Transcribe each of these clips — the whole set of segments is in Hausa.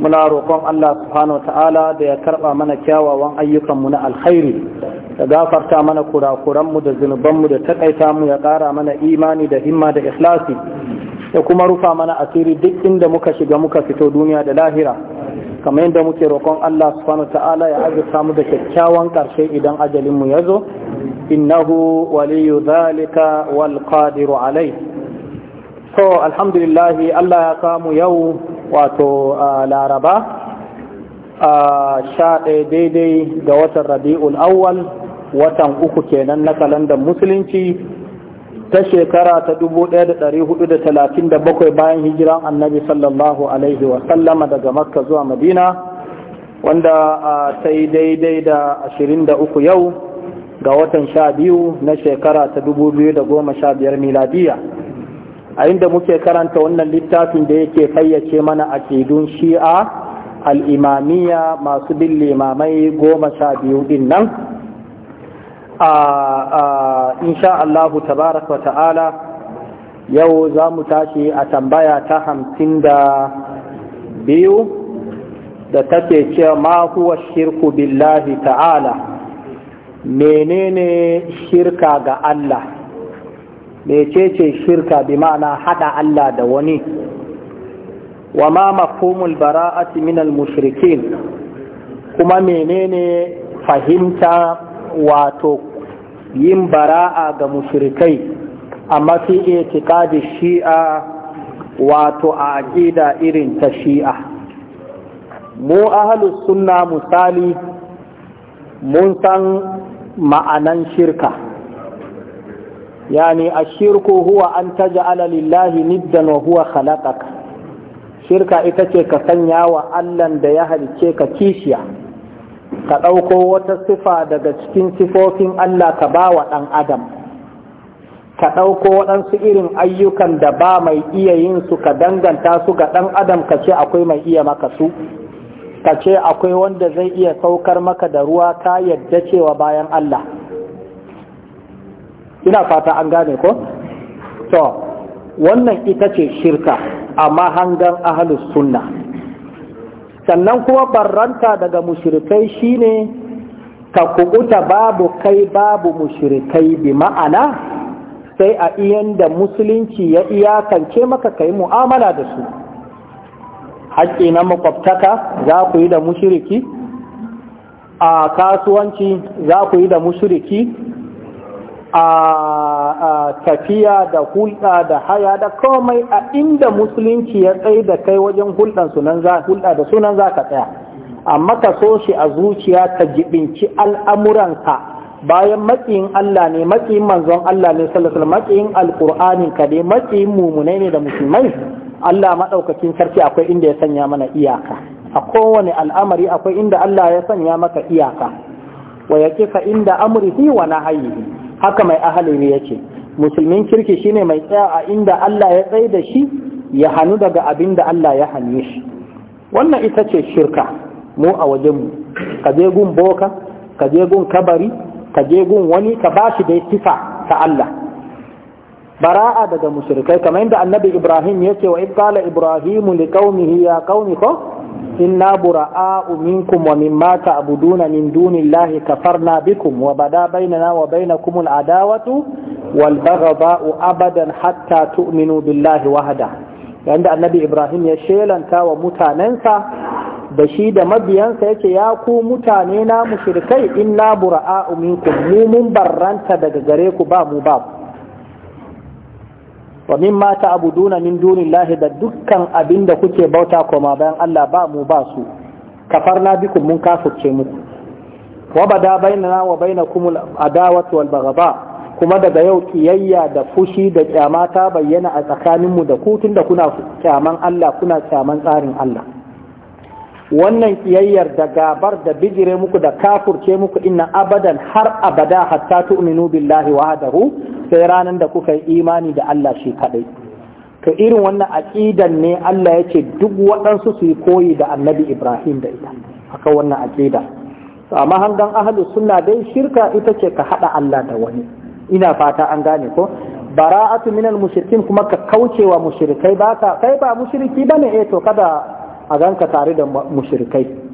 muna roƙon Allah subhanahu wa ta'ala da ya karɓa mana kyawawan ayyukanmu na alkhairi da gafarta mana kurakuranmu da zunubanmu da taƙaita mu ya ƙara mana imani da himma da ikhlasi da kuma rufa mana asiri duk inda muka shiga muka fito duniya da lahira kamar yadda muke roƙon Allah subhanahu ta'ala ya azurta mu da kyakkyawan ƙarshe idan ajalin mu zo innahu waliyu zalika wal qadiru alai to alhamdulillah Allah ya kamu yau wato laraba a sha daidai da watan rabi'ul awwal watan uku kenan na kalandar musulunci ta shekara ta 1437 bayan hijiran annabi sallallahu alaihi wa sallama daga makka zuwa madina wanda ta yi daidai da 23 yau ga watan sha biyu na shekara ta 2015 miladiya a inda muke karanta wannan littafin da yake fayyace mana a shi'a al'imamiya masu bin limamai goma sha biyu din nan a insha tabaraka ta'ala yau za mu tashi a tambaya ta hamsin da biyu da take ce ma huwa shirku billahi ta'ala menene shirka ga Allah mecece shirka bi ma'ana haɗa Allah da wani wa ma mafhumul bara'ati min al-mushrikin kuma menene fahimta wato yin bara'a ga mushrikai amma fi i'tiqadi shi'a wato a aqida irin ta shi'a mu ahlus sunna misali mun san ma'anan shirka yani ashirku huwa an taj'ala lillahi niddan wa huwa khalaqaka shirka ita ce ka sanya wa Allah da ya halice ka kishiya ka ɗauko wata sifa daga cikin sifofin Allah ka ba wa ɗan adam ka ɗauko waɗansu irin ayyukan da ba mai iya yin su ka danganta su ga ɗan adam ka ce akwai mai iya maka su ka ce akwai wanda zai iya saukar maka da ruwa ka yadda cewa bayan Allah ina fata an gane ko to wannan ita ce shirka amma hangan ahalus sunna sannan kuma barranta daga mushrikai shine ka kubuta babu kai babu mushirikai bi ma'ana sai a iyan da musulunci ya iyakance maka kai mu'amala da su haƙƙi na makwabtaka za ku yi da mushiriki a kasuwanci za ku yi da mushiriki a tafiya da hulɗa da haya da komai a inda musulunci ya tsaye da kai wajen hulɗa da sunan za ka tsaya amma ka so shi a zuciya ka jibinci al'amuranka bayan matsayin Allah ne matsayin manzon Allah ne sallallahu makiyin alƙur'anin ka ne matsayin mumunai ne da musulmai Allah maɗaukakin sarki akwai inda ya sanya mana iyaka a kowane al'amari akwai inda Allah ya sanya maka iyaka wa ya inda amrihi wa nahayihi haka mai ahalari ya ce musulmin kirki shine mai tsaya a inda Allah ya tsaye da shi ya hannu daga abin da Allah ya hannu shi wannan ita ce shirka mu a wajenmu ka je gun boka ka je gun kabari ka je gun wani ka ba shi dai sifa ta Allah bara'a daga mushrikai kamar inda annabi Ibrahim ya ce wa idh ibrahimu liqaumihi ya qaumi ko inna bura'a'u minkum wa mimma ta'buduna min dunillahi kafarna bikum wa bada bainana wa bainakum al'adawatu wal baghdha'u abadan hatta tu'minu billahi wahda yanda annabi Ibrahim ya shelanta wa mutanensa da shi da mabiyansa yake ya ku mutane na mushrikai inna bura'a'u minkum mu mun barranta daga gare ku ba mu ba wa mata abuduna min dunillahi da dukkan abin da kuke bauta koma bayan Allah ba mu ba su kafarna bikum mun kafurce muku wa bada bainana wa bainakum al-adawa wal baghadha kuma daga yau kiyayya da fushi da kyama ta bayyana a tsakanin mu da ku tunda kuna kyaman Allah kuna kyaman tsarin Allah wannan kiyayyar da gabar da bijire muku da kafurce muku inna abadan har abada hatta tu'minu billahi wahdahu sai ranar da kuka yi imani da Allah shi kaɗai to irin wannan aƙidan ne Allah ya ce duk waɗansu su yi koyi da annabi Ibrahim da ita haka wannan aƙida to amma hangan ahlus suna dai shirka ita ce ka haɗa Allah da wani ina fata an gane ko bara'atu minal mushrikin kuma ka kaucewa mushrikai ba ka kai ba mushriki bane eh to kada a ganka tare da mushrikai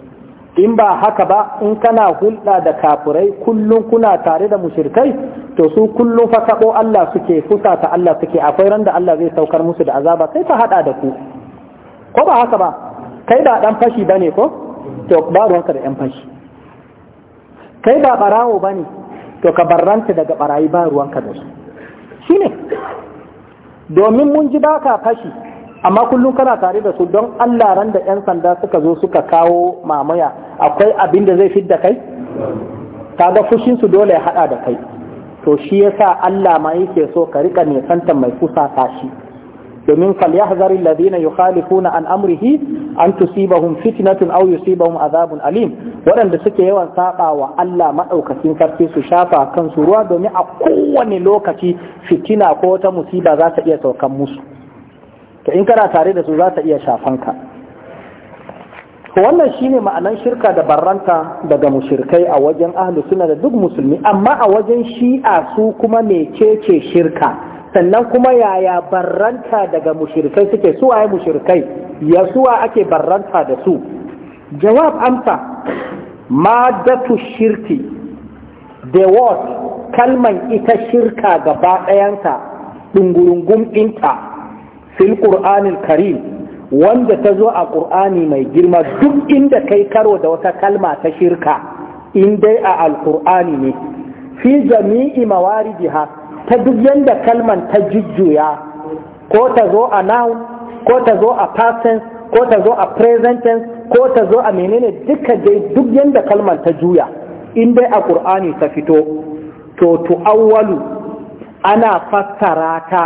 in ba haka ba in kana hulɗa da kafurai kullum kuna tare da mushirkai to su kullum fa sabo Allah suke fusa ta Allah suke akwai ran da Allah zai saukar musu da azaba sai ta hada da ku ko ba haka ba kai ba dan fashi bane ko to ba ruwanka da yan fashi kai ba barawo bane to ka barranta daga barayi ba ruwanka da su shine domin mun ji baka fashi amma kullum kana tare da su don Allah ran da 'yan sanda suka zo suka kawo mamaya akwai abin da zai fidda kai kaga fushin su dole ya hada da kai to shi yasa Allah ma yake so ka rika nisanta mai kusa ta shi domin falyahzaril ladina yukhalifuna an amrihi an tusibahum fitnatun aw yusibahum azabun alim waɗanda suke yawan saba wa Allah madaukakin sarki su shafa kansu ruwa domin a kowane lokaci fitina ko wata musiba za ta iya saukan musu to in kana tare da su za ta iya shafan ka. wannan shine ma'anan shirka da barranta daga mushirkai a wajen ahlu suna da duk musulmi amma a wajen shi'a su kuma mecece shirka sannan kuma yaya barranta daga mushirkai suke su waye mushirkai ya suwa ake barranta da su jawab amsa madatu shirki the word kalman ita shirka gaba ɗayanta ɗungurungun ɗinta fil qur'anil karim wanda ta zo a qur'ani mai girma duk inda kai karo da wata kalma ta shirka in dai a alqur'ani ne fi jami'i mawaridiha ta duk yanda kalman ta jujjuya ko ta zo a noun ko ta zo a past tense ko ta zo a present tense ko ta zo a menene duka dai duk yanda kalman ta juya in dai a qur'ani ta fito to tu'awwalu ana fassara ta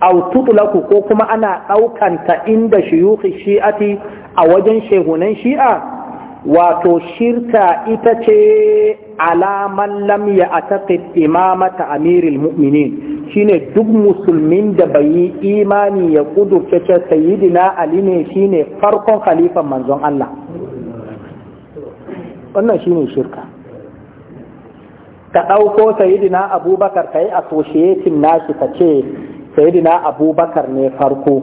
aw tutlaku ko kuma ana ɗaukanta inda shuyukhi shi'ati a wajen shehunan shi'a wato shirka ita ce alaman lam ya ataqid imamata amiril mu'minin shine duk musulmin da bai yi imani ya kudurce ce sayyidina ali ne shine farkon khalifan manzon Allah wannan shine shirka ka ɗauko sayyidina abubakar ka yi associating nashi ka ce sayidina abubakar ne farko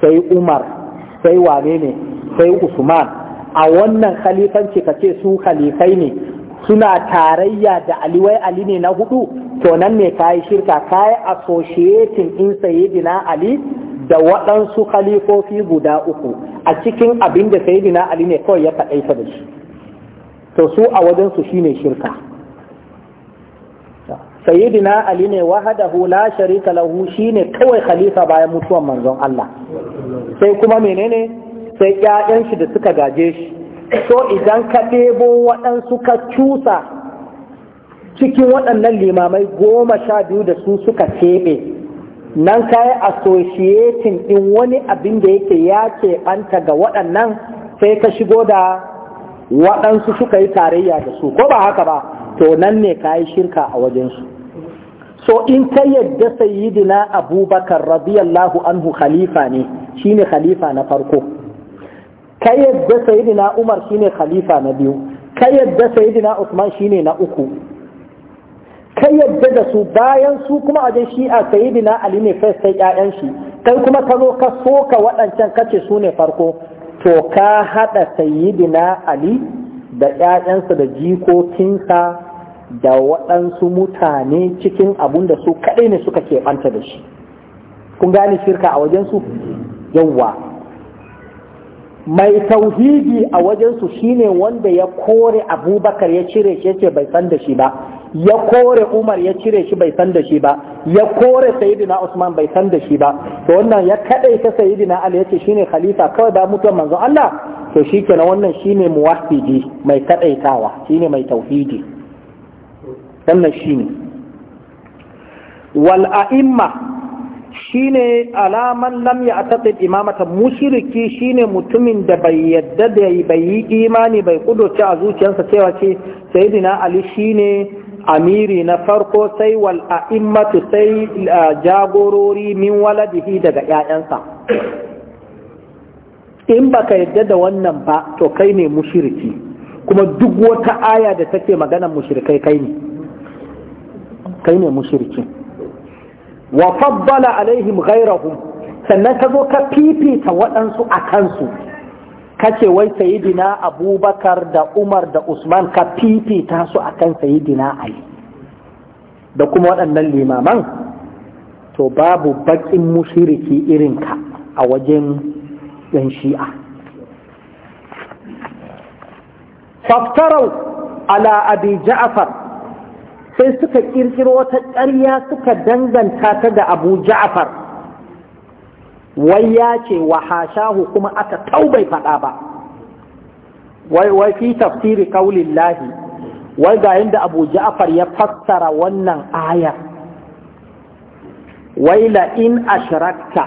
sai umar sai wane ne sai usman a wannan khalifanci ka ce su khalifai ne suna tarayya da aliwai ali ne na hudu to nan ne kayi shirka kayi associating in sayedina ali da waɗansu khalifofi guda uku a cikin abin da ali ne kawai ya faɗaita da shi to su a wajensu shine shirka sayyidina ali ne wahadahu la sharika lahu shine kawai khalifa bayan mutuwan manzon Allah sai kuma menene sai ƴaƴan shi da suka gaje shi so idan ka ɗebo waɗansu ka cusa cikin waɗannan limamai goma sha biyu da su suka keɓe nan ka yi associating ɗin wani abin da yake ya keɓanta ga waɗannan sai ka shigo da waɗansu suka yi tarayya da su ko ba haka ba to nan ne ka yi shirka a wajensu so in ka yadda sayyidina abubakar radiyallahu anhu khalifa ne shine khalifa na farko ka yadda sayyidina umar shine khalifa na biyu ka yadda sayyidina usman shine na uku ka yadda da su bayan su kuma a jin shi'a sayyidina ali ne fes sai ƴaƴan shi kai kuma ka zo ka soka waɗancan kace su ne farko to ka haɗa sayyidina ali da ƴaƴansa da jikokinsa da waɗansu mutane cikin abun da su kaɗai ne suka keɓanta da shi kun gane shirka a wajensu yawwa mai tauhidi a wajensu shine wanda ya kore abubakar ya cire shi yace bai san da shi ba ya kore umar ya cire shi bai san da shi ba ya kore sayidina usman bai san da shi ba to wannan ya kadai ta sayidina ali yace shine khalifa kawai ba mutuwar manzo Allah to shi shikenan wannan shine muwahhidi mai kadaitawa shine mai tauhidi wannan ne, wal'a'imma shi ne alaman lamya a tattalin imamata shi ne mutumin da bai yadda da bai yi imani bai kudoci a zuciyarsa cewa ce dina ali shi ne amiri na farko sai wal'a'imma sai jagorori min waladihi daga 'ya'yansa, in baka yadda da wannan ba to kai ne mushiriki, kuma duk wata aya da take maganar mushirikai kai ne kai ne mushirki wa faddala alaihim ghairahum sannan ka zo ka fifita waɗansu a kansu kace wai sayidina abubakar da umar da usman ka fifita su akan sayidina ali da kuma waɗannan limaman to babu baƙin mushiriki irinka a wajen yan shi'a faftarau ala abi ja'far sai suka kirkiro wata ƙarya suka danganta ta da abu ja'far wai ya ce wa hashahu kuma aka taubai faɗa ba wai wai fi tafsiri kaulin lahi wai ga yadda abu ja'far ya fassara wannan aya wai la'in in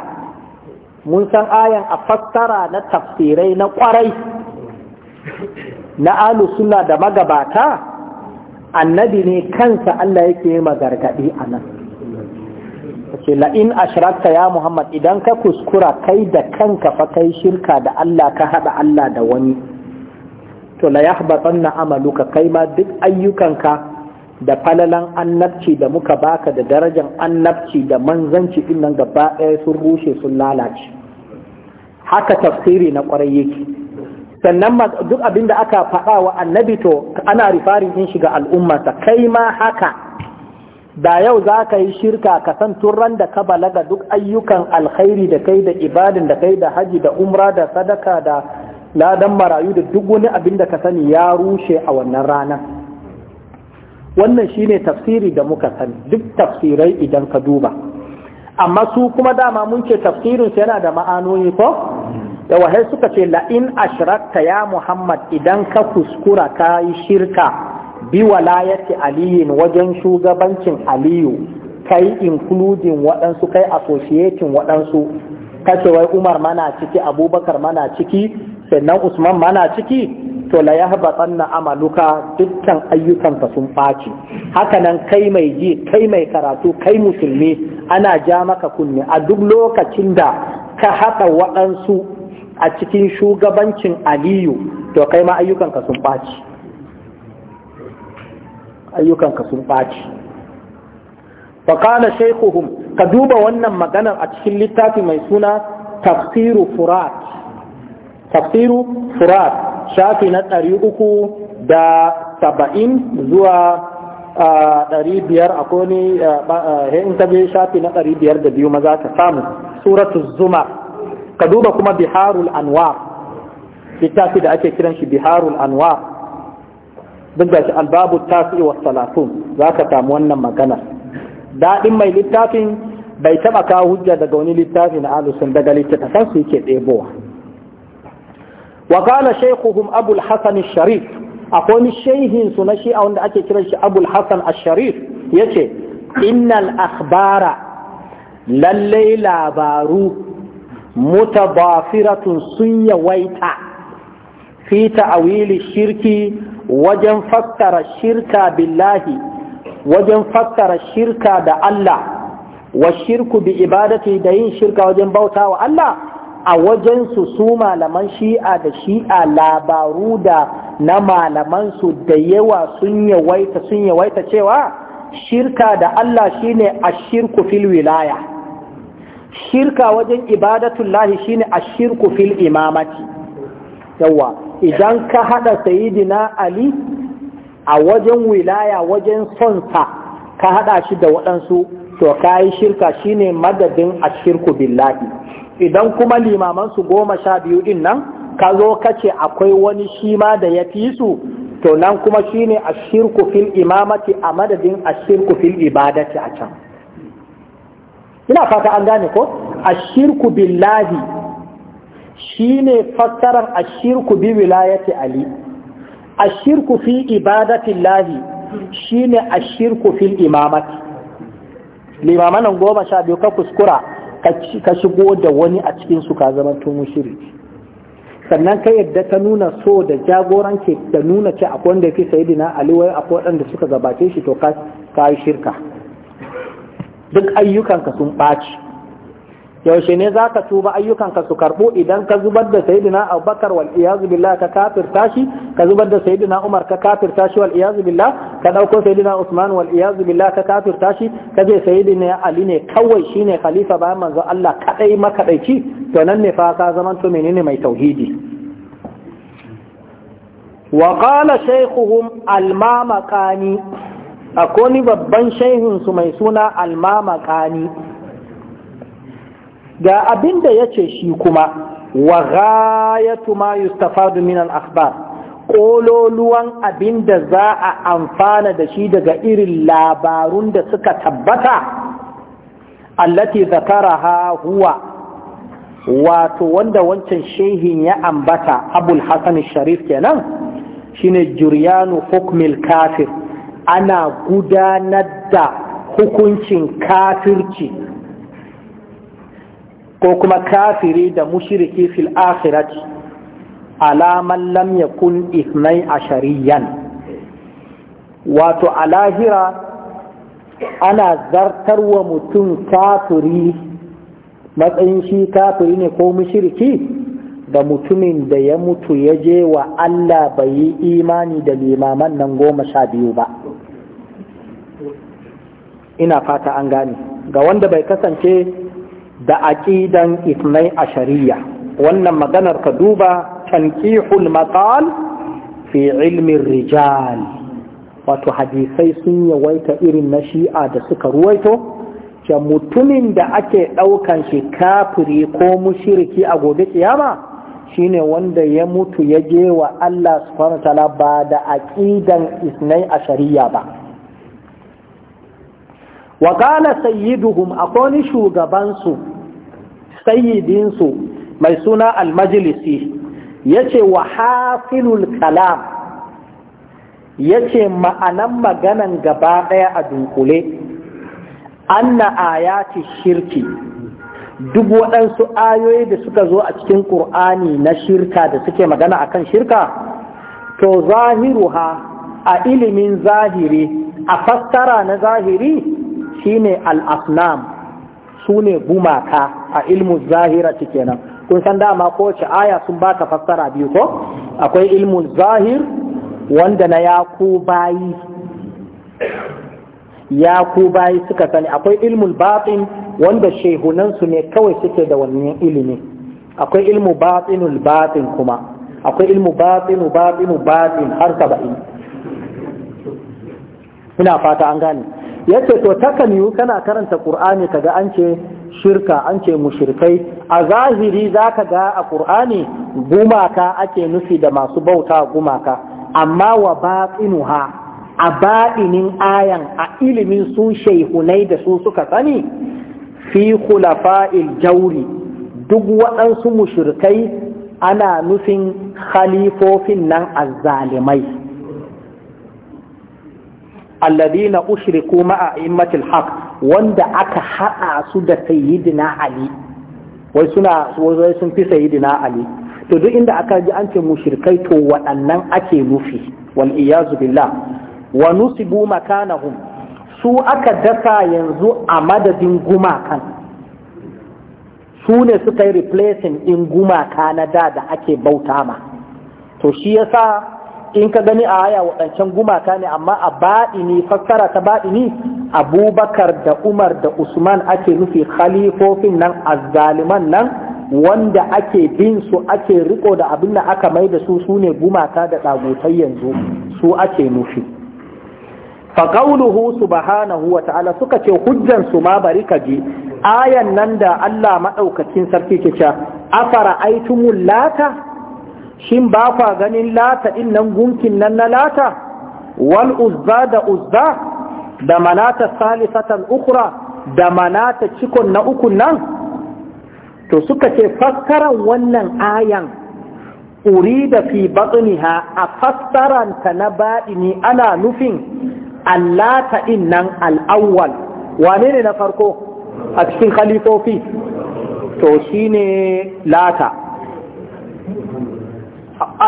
mun san ayan a fassara na tafsirai na ƙwarai na alu suna da magabata annabi ne kansa Allah yake yi magargadi a nan ce la'in ashirarka ya Muhammad idan ka kuskura kai da kanka fa kai shirka da Allah ka haɗa Allah da wani to la yahbatan na amaluka kai ma duk ayyukanka da falalan annabci da muka baka da darajan annabci da manzanci ɗin nan gaba ɗaya sun rushe sun lalace haka tafsiri na ƙwarai yake sannan duk abin da aka faɗa wa annabi to ana rifarin in shiga al'ummarsa kai ma haka da yau za ka yi shirka ka san turan da ka balaga duk ayyukan alkhairi da kai da ibadin da kai da haji da umra da sadaka da ladan marayu da duk wani abin da ka sani ya rushe a wannan rana wannan shine tafsiri da muka sani duk tafsirai idan ka duba amma su kuma dama mun ce tafsirinsu yana da ma'anoni ko da sai suka ce la'in in ashrakta ya muhammad idan ka kuskura ka yi shirka bi walayati aliyin wajen shugabancin aliyu kai including waɗansu kai associating waɗansu kace wai umar mana ciki abubakar mana ciki sannan usman mana ciki to la yahbatanna amaluka dukkan ayyukanka sun ɓaci hakanan kai mai ji kai mai karatu kai musulmi ana ja maka kunne a duk lokacin da ka haɗa waɗansu a cikin shugabancin aliyu to kai ma ayyukanka sun ɓaci ayyukanka sun ɓaci kana shaykhuhum ka duba wannan maganar a cikin littafi mai suna tafsiru furat tafsiru furat shafi na ɗari uku da saba'in zuwa ɗari biyar akwai ne in ka shafi na ɗari biyar da biyu maza ka samu suratu zumar ka duba kuma biharul anwar littafi da ake kiran shi biharul anwar duk da shi albabu tasi wa salatun za ka samu wannan maganar daɗin mai littafin bai taɓa kawo hujja daga wani littafi na alusun daga littattafan su yake ɗebowa wa qala shaykhuhum abul hasan sharif akwai wani shehin su na shi'a wanda ake kiran shi abul hasan sharif yace innal akhbara lallai labaru mutabafiratun sun yawaita fi ta'awili shirki wajen fassara shirka billahi wajen fassara shirka da Allah wa shirku bi ibadati da yin shirka wajen bauta wa Allah a wajen su su malaman shi'a da shi'a labaru da na malaman su da yawa sun yawaita sun yawaita cewa shirka da Allah shine ashirku fil wilaya shirka wajen ibadatun ne shine shirku fil imamati yawa idan ka haɗa sayidina ali a wajen wilaya wajen sonsa ka haɗa shi da waɗansu to kayi shirka shine madadin ashirku billahi idan kuma limamansu goma sha biyu ɗin nan ka zo ka ce akwai wani shi ma da ya fi su to nan kuma shine ashirku fil imamati a madadin ashirku fil ibadati a can ina fata an gane ko ashirku billahi ne fassarar ashirku bi wilayati ali ashirku fi Ladi shi shine ashirku fil Imamat. limamanan goma sha biyu ka kuskura ka shigo da wani a cikin suka ka zama tun shiri. sannan ka yadda ta nuna so da jagoranci da nuna ce akwai wanda fi sayidina ali wai akwai waɗanda suka gabace shi to ka yi shirka duk ayyukanka sun ɓaci yaushe ne za ka tuba ayyukanka su karɓo idan ka zubar da sayidina abubakar wal iyazu billah ka kafir tashi ka zubar da sayidina umar ka kafir tashi wal iyazu ka ɗauko sayidina usman wal iyazu ka kafir tashi ka je sayidina ali ne kawai shine khalifa bayan manzo Allah kaɗai makadaici to nan ne fa ka zaman to menene mai tauhidi wa qala shaykhuhum al akwai babban su mai suna almamakani ga abin da ya ce shi kuma wa ghayatu ma yustafadu min al-akhbar kololuwan abin da za a amfana da shi daga irin labarun da suka tabbata allati zakaraha huwa wato wanda wancan shehin ya ambata abul hasan sharif kenan shine juryanu hukmil kafir ana gudanar da hukuncin kafirci ko kuma kafiri da mushiriki fil akhirati alaman lam yakun ithnai ashariyan wato Alahira, lahira ana wa mutum kafiri matsayin shi kafiri ne ko mushiriki da mutumin da ya mutu ya je wa Allah bai yi imani da limaman nan goma sha biyu ba. ina fata an gane ga wanda bai kasance da aqidan itnai ashariya wannan maganar ka duba tankihul maqal fi ilmin rijal wato hadisai sun yawaita irin na shi'a da suka ruwaito ce mutumin da ake ɗaukan shi kafiri ko mushiriki a gobe kiyama shine wanda ya mutu ya je wa Allah subhanahu wa ta'ala ba da aqidan isnai ashariya ba wa Hum sayyiduhum akwai shugabansu sayyidinsu mai suna almajlisi yace wa hafilul kalam ce ma'anan maganan gaba ɗaya a dunkule an anna ayati shirki duk waɗansu ayoyi da suka zo a cikin ƙur'ani na shirka da suke magana a kan shirka to zahiru ha, a ilimin zahiri a fassara na zahiri shine al su ne gumaka a ilmu cike kenan kun san dama kowace aya sun baka fassara biyu ko akwai ilmu zahir wanda na yaku bayi yaku bayi suka sani akwai ilmul batin wanda shehunansu ne kawai suke da wannan ilimi akwai ilmu batinul batin kuma akwai ilmu batinu batinu batin har saba'in ina fata an gane yace to takan kana karanta qur'ani kaga an ce shirka an ce mushirkai a zahiri zaka ga a qur'ani gumaka ake nufi da masu bauta gumaka amma wa baqinuha a baɗinin ayan a ilimin su shaihunai da su suka sani fi khulafa'il jauri duk waɗansu mushirkai ana nufin khalifofin nan azzalimai alladhina ushriku ma'a immatil haq wanda aka haɗa su da sayyidina ali wai suna wai sun fi sayyidina ali to duk inda aka ji an ce mushrikai to waɗannan ake nufi wal iyazu billah wa nusibu makanahum su aka dasa yanzu a madadin gumakan su ne suka yi replacing in gumaka na da da ake bauta ma to shi yasa in ka gani a haya waɗancan gumaka ne amma a baɗini fassara ta baɗi baɗini abubakar da umar da usman ake nufi khalifofin nan azzaliman nan wanda ake bin su ake riko da abin da aka mai da su su ne gumaka da ɗagotai yanzu su ake nufi faƙauluhu subhanahu wa ta'ala suka ce hujjan su ma bari ka je, ayan nan da Allah maɗaukacin sarki ke cewa afara aitumul lata shin ba kwa ganin lata ɗin nan gunkin nan na lata wal uzza da uzza da manata salisatan ukura da manata cikon na ukun nan to suka ce fassaran wannan ayan da fi ha, a fassaranta na baɗini ana nufin allata ɗin nan al'awwal wane ne na farko a cikin khalifofi to shine lata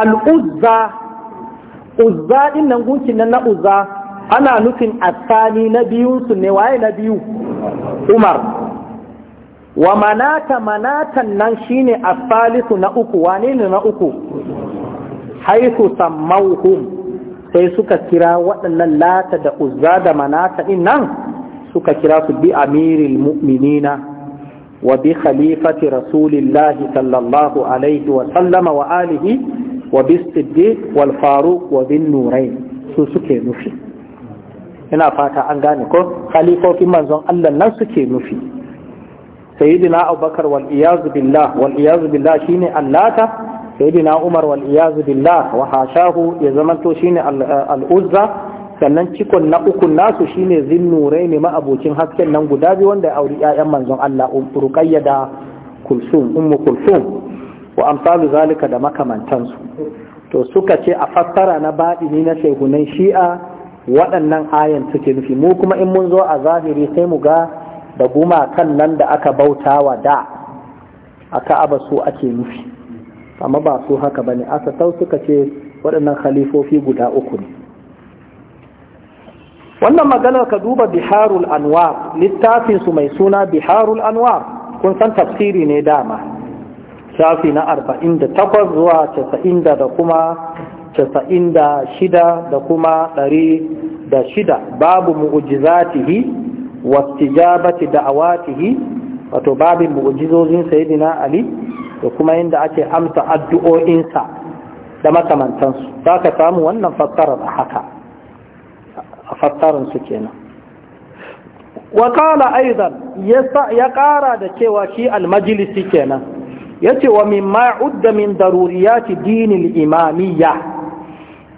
al'uzza uzza din nan gunkin nan na uzza ana nufin asali na biyunsu ne waye na biyu umar wa manata manatan nan shine asalisu na uku wane ne na uku haisu sammauhum sai suka kira waɗannan lata da uzza da manata din nan suka kira su bi amiril mu'minina khalifati رسول الله صلى الله عليه وسلم وآله wa bis siddiq wal faru wa bin nurai su suke nufi ina fata an gane ko khalifofin manzon Allah nan suke nufi sayyidina abubakar wal iyaz billah wal iyaz billah shine allata sayyidina umar wal iyaz billah wa hashahu ya zamanto shine al eh, uzza sannan cikon na uku nasu shine zinnurai ne abokin hasken nan guda biyu wanda ya auri 'ya'yan manzon Allah um, ruqayya da kulsum ummu kulsum wa amsalu zalika da makamantansu to suka ce a fassara na baɗini na shehunan shi'a waɗannan ayan suke nufi mu kuma in mun zo a zahiri sai mu ga da gumakan nan da aka bauta wa da aka aba su ake nufi amma ba su haka bane asasau suka ce waɗannan khalifofi guda uku ne wannan maganar ka duba biharul anwar littafinsu mai suna biharul anwar kun san tafsiri ne dama shafi na arba'in da takwas zuwa casa'in da kuma casa'in da shida da kuma ɗari da shida babu mu'ujizatihi wastijabati da'awatihi wato babin mu'ujizozin sayidina ali da kuma yadda ake amsa addu'o'insa da makamantansu za ka samu wannan fassarar a haka a fassararsu kenan wakala aizan ya ƙara da cewa shi almajilisi kenan Ya ce wa mimma udda min daruriyati dinil imamiyya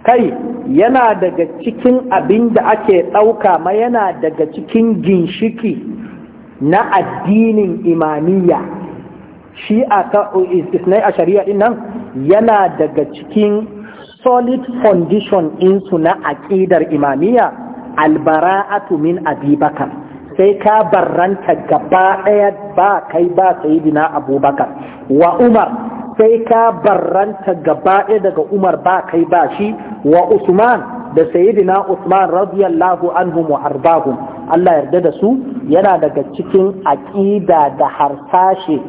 kai yana daga cikin abin da ake ɗauka ma yana daga cikin ginshiki na addinin imamiyya shi a isnai a shari'a nan yana daga cikin solid foundation insu na aƙidar imamiyya albara'atu min bakar. sai ka barranta gaba ɗaya ba kai ba sayidina abubakar wa umar sai ka barranta gaba ɗaya daga umar ba kai ba shi wa usman da sayidina usman radiyallahu anhu wa arbahum Allah yarda da su yana daga cikin aƙida da harsashe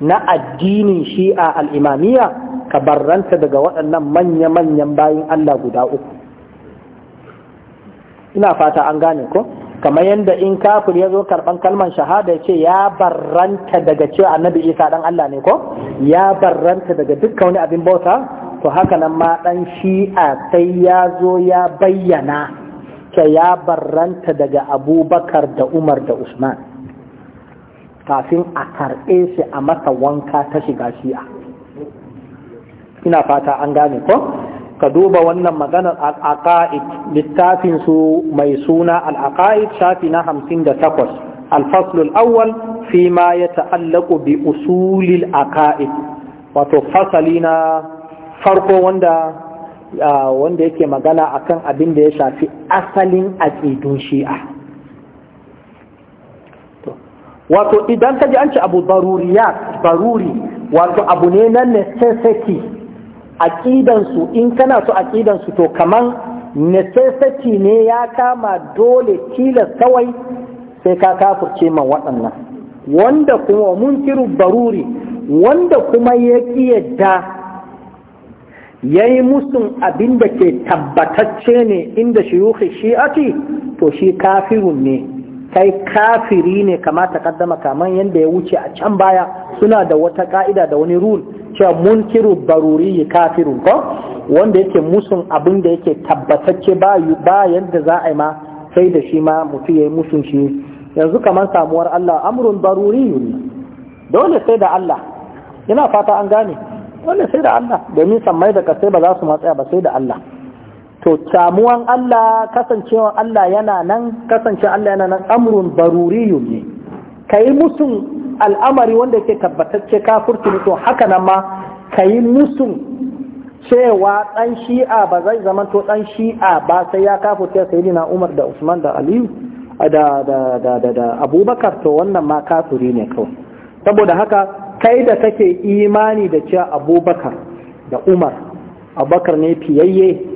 na addinin shi'a al'imamiya ka barranta daga waɗannan manya-manyan bayan Allah guda uku ina fata an gane ko? kamar yadda in kafir ya zo karɓan kalman shahada ce ya barranta daga cewa annabi isa ɗan Allah ne ko ya barranta daga dukkan wani abin bauta to haka nan ma ɗan shi'a sai ya zo ya bayyana ke ya barranta daga abubakar da umar da usman kafin a karɓe shi a masa wanka ta shiga shi'a ina fata an gane ko ka duba wannan maganar al'aqa'id littafin su mai suna al'aqa'id shafi na hamsin da takwas alfaslul awwal fi ma ya ta'allaku bi usulil aqa'id wato fasali na farko wanda wanda yake magana akan abin da ya shafi asalin aqidun shi'a wato idan ka ji an ci abu baruri wato abu ne na necessity aƙidansu in kana so aƙidansu to kaman necessity ne ya kama dole tilas kawai sai ka kafurce ma waɗannan wanda kuma mun kiru baruri wanda kuma ya ƙi yadda ya yi musun abin da ke tabbatacce ne inda shi shi'ati to shi kafirun ne kai kafiri ne kamata kaddama kaman yadda ya wuce a can baya suna da wata ka'ida da wani rule cewa munkiru baruri kafirun ko wanda yake musun abin da yake tabbatacce ba yadda za a yi ma sai da shi ma mutu ya yi musun shi yanzu kaman samuwar Allah amrun baruri dole sai da Allah ina fata an gane dole sai da Allah domin sammai da kasai ba za su matsaya ba sai da Allah to samuwan Allah kasancewa Allah yana nan kasance Allah yana nan amrun baruriyun ne kai musun al'amari wanda yake tabbatacce kafurci to haka nan ma kai musun cewa dan shi'a ba zai zama to dan shi'a ba sai ya kafurce sayyidina Umar da Usman da Ali da da da da, da Abubakar to wannan ma kafiri ne kawai saboda haka kai da kake imani da cewa Abubakar da Umar Abubakar ne fiyayye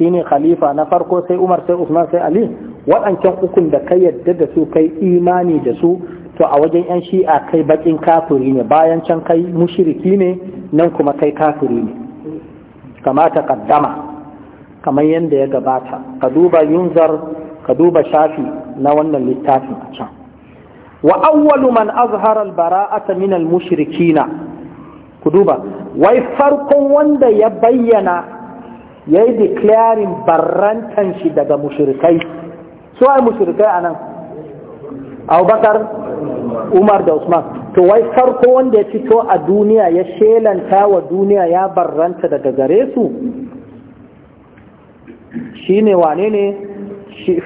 shine khalifa na farko sai Umar sai Usman sai Ali waɗancan ukun da ka yadda da su kai imani da su to a wajen yan shi'a kai bakin kafiri ne bayan can kai mushiriki ne nan kuma kai kafiri ne kamata kaddama kamar yadda ya gabata ka duba yunzar ka duba shafi na wannan littafin a can wa awwalu man azhara al-bara'ata min mushrikina ku duba wai farkon wanda ya bayyana ya yi declaring barrantan shi daga mushrikai su ai mushrikai anan abubakar umar da usman to wai farko wanda ya fito a duniya ya shelanta wa duniya ya barranta daga gare su shine wane ne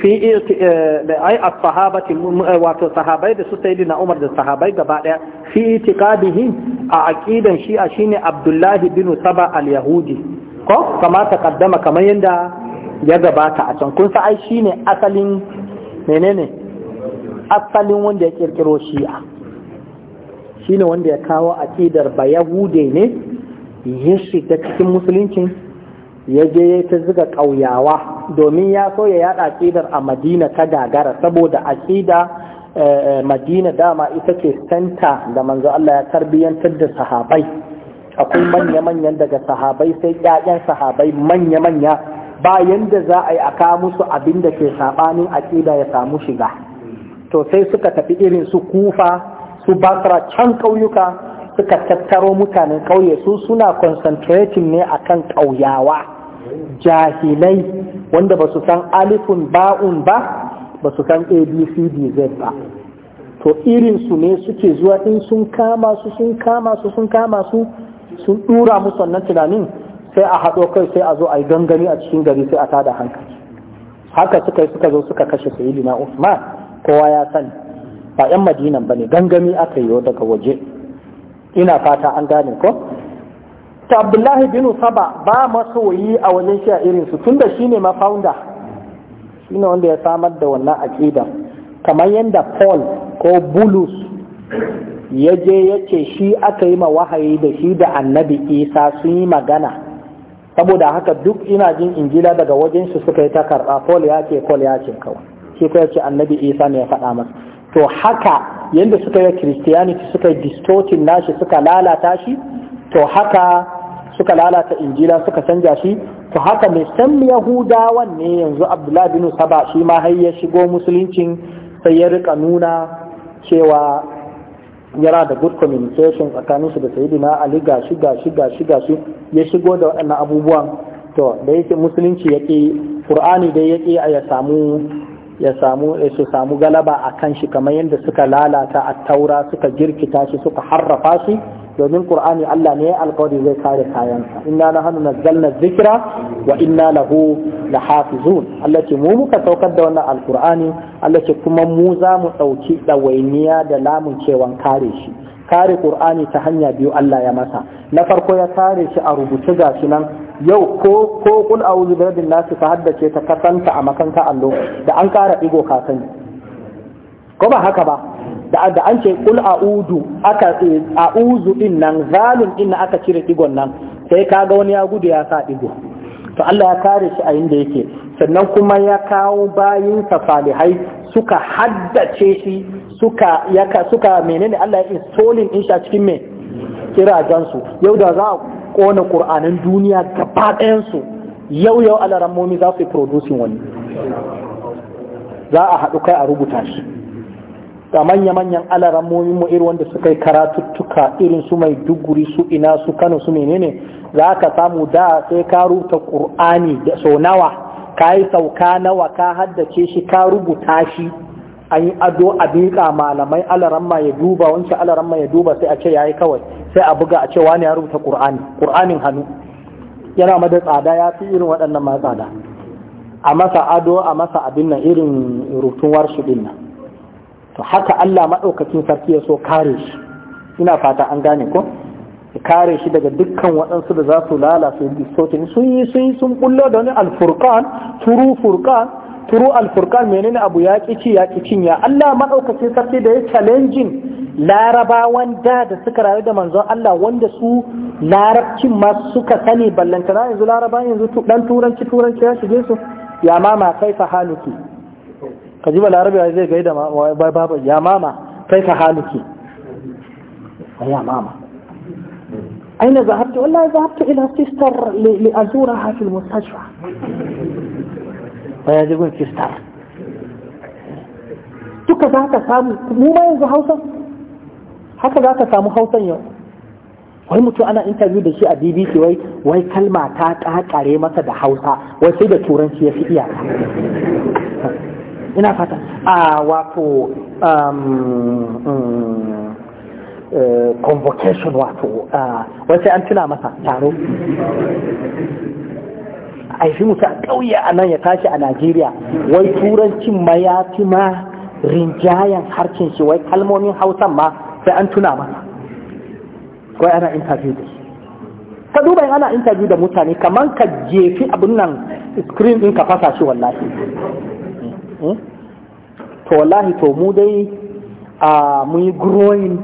fi eh, eh, ai as-sahabati eh, wato sahabai da su sayyidina Umar da sahabai gaba daya fi itiqadihim a aqidan shi'a shine Abdullahi bin Saba al-Yahudi ko kama ta kaddama kamar yadda ya gabata a can kun ai shi ne asalin menene asalin wanda ya kirkiro shi'a shi ne wanda ya kawo aƙidar ba hude ne ya shiga cikin musuluncin ya je ya ta zuga ƙauyawa domin ya so ya yada aƙidar a madina ta gagara saboda aƙida eh, eh, madina dama ita ke santa da manzo Allah ya tarbiyyantar da sahabai akwai manya-manyan daga sahabai sai ƴaƴan sahabai manya-manya ba yanda za a yi a kawo musu abin da ke saɓanin aƙida ya samu shiga to sai suka tafi irin su kufa su basra can ƙauyuka suka tattaro mutanen ƙauye su suna concentrating ne akan ƙauyawa jahilai wanda ba su san alifun ba'un ba ba su san abcdz ba to irin su ne suke zuwa in sun kama su sun kama su sun kama su sun dura musu wannan tunanin sai a haɗo kai sai a zo a yi gangami a cikin gari sai a tada hankali haka suka yi suka zo suka kashe na Usman kowa ya sani ba yan madinan bane gangami aka yi daga waje ina fata an gane ko ta Abdullahi bin Saba ba masoyi a wajen shi a irin su tunda shine ma founder shine wanda ya samar da wannan aqida kamar yadda Paul ko Bulus ya je ya ce shi aka yi ma wahayi da shi da annabi isa sun yi magana saboda haka duk ina jin injila daga wajen su suka yi ta karɓa ya ce kol ya ce kawai shi ko ya ce annabi isa ne ya faɗa masa to haka yadda suka yi christianity suka yi distortin nashi suka lalata shi to haka suka lalata injila suka canja shi to haka mai san yahudawan ne yanzu abdullahi bin saba shi ma har ya shigo musuluncin sai ya rika nuna cewa yara da good communication tsakanin su da sayidina ali gashi gashi gashi gashi ya shigo da waɗannan abubuwan to da yake musulunci yake qur'ani dai yake ya samu ya samu eh, su samu galaba a kan shi kamar yadda suka lalata a taura suka jirkita shi suka harrafa shi domin ƙur'ani Allah ne alƙawari zai kare kayansa inna nahnu nazzalna dhikra wa inna lahu lahafizun Allah ce mu muka saukar da wannan alƙur'ani Allah ce kuma mu za mu ɗauki ɗawainiya da lamun cewan kare shi kare qur'ani ta hanya biyu Allah ya masa na farko ya kare shi a rubuce gashi nan yau ko ko kul a'udhu bi rabbin nas fa haddace ta kasanta a makanta allo da an kara digo ka ko ba haka ba da da an ce kul a'udhu aka a'udhu din nan zalun din aka cire digon nan sai kaga wani ya gudu ya sa digo to Allah ya kare shi a inda yake sannan kuma ya kawo bayinsa salihai suka haddace shi suka yaka suka menene Allah ya installing din shi cikin me kirajensu yau da za a kona qur'anin duniya gaba ɗayan su yau yau alarammomi za su yi producing wani za a haɗu kai a rubuta shi da manya-manyan alaran mu irin wanda suka yi karatuttuka irin su mai duguri su ina su kano su menene za ka samu da sai ka rubuta ƙur'ani da so nawa ka yi sauka nawa ka haddace shi ka rubuta shi an yi ado a biƙa malamai alaran ma ya duba wancan alaran ma ya duba sai a ce ya yi kawai sai a buga a ce wani ya rubuta ƙur'ani ƙur'anin hannu yana mada tsada ya fi irin waɗannan ma tsada a masa ado a masa abin nan irin rutuwar su ɗin nan to haka Allah maɗaukakin sarki ya so kare shi ina fata an gane ko kare shi daga dukkan waɗansu da za su lala su yi sun yi sun yi sun kullo da wani alfurkan turu furkan turu alfurkan menene abu ya ci ya cin ya Allah maɗaukacin sarki da ya challenging larabawan da da suka rayu da manzon Allah wanda su larabcin ma suka sani ballantana yanzu larabawan yanzu dan turanci turanci ya shige su ya mama kaifa haluki ka larabi balarabe zai gaida babu ya mama kai ka haliki ya mama aina zahabta wallahi zahabta ila sister li azuraha fil mustashfa ya ji gun sister duka za ka samu mu ma yanzu hausa haka za ka samu hausan yau wai mutum ana interview da shi a bbc wai wai kalma ta kakare masa da hausa wai sai da turanci ya fi iya ina fata a wato um, mm, eh, convocation wato wace an tuna masa taro a yi mutu a ƙauye a nan ya tashi a najeriya wai turancin ma ya fi ma rinjayen harkin shi wai kalmomin hausan ma sai an tuna masa wai ana interview da shi ka duba ana interview da mutane kamar ka jefi abin nan screen ɗin ka fasa shi wallahi Hmm? to wallahi to mu dai a mun yi growing